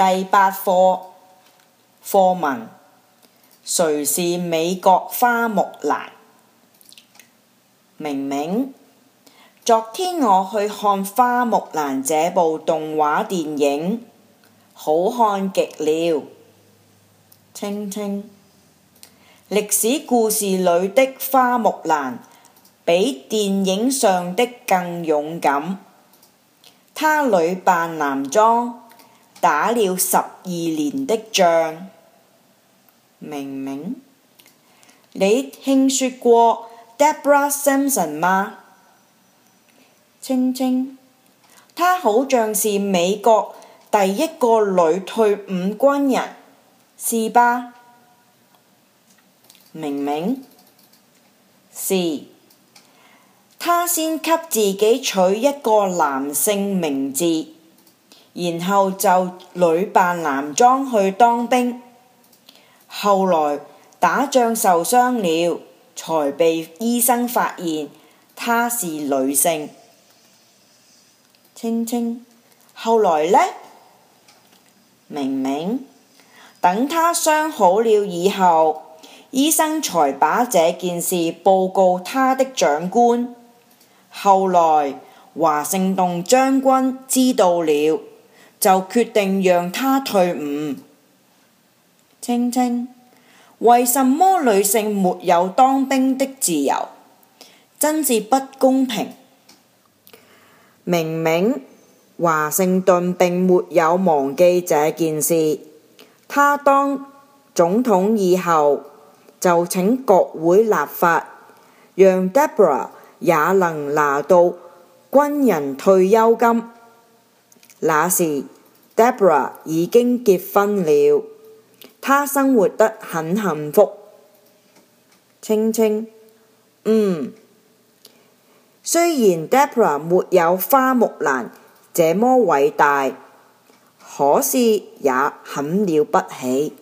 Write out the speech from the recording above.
第八課課文，誰是美國花木蘭？明明，昨天我去看《花木蘭》這部動畫電影，好看極了。青青，歷史故事裏的花木蘭比電影上的更勇敢，她女扮男裝。打了十二年的仗，明明，你聽說過 Deborah Simpson 嗎？青青，她好像是美國第一個女退伍軍人，是吧？明明，是，她先給自己取一個男性名字。然後就女扮男裝去當兵，後來打仗受傷了，才被醫生發現她是女性。青青，後來呢？明明，等她傷好了以後，醫生才把這件事報告她的長官。後來華盛頓將軍知道了。就決定讓他退伍。青青，為什麼女性沒有當兵的自由？真是不公平。明明，華盛頓並沒有忘記這件事。他當總統以後，就請國會立法，讓 Deborah 也能拿到軍人退休金。那時 Debra 已經結婚了，她生活得很幸福。青青，嗯，雖然 Debra 沒有花木蘭這麼偉大，可是也很了不起。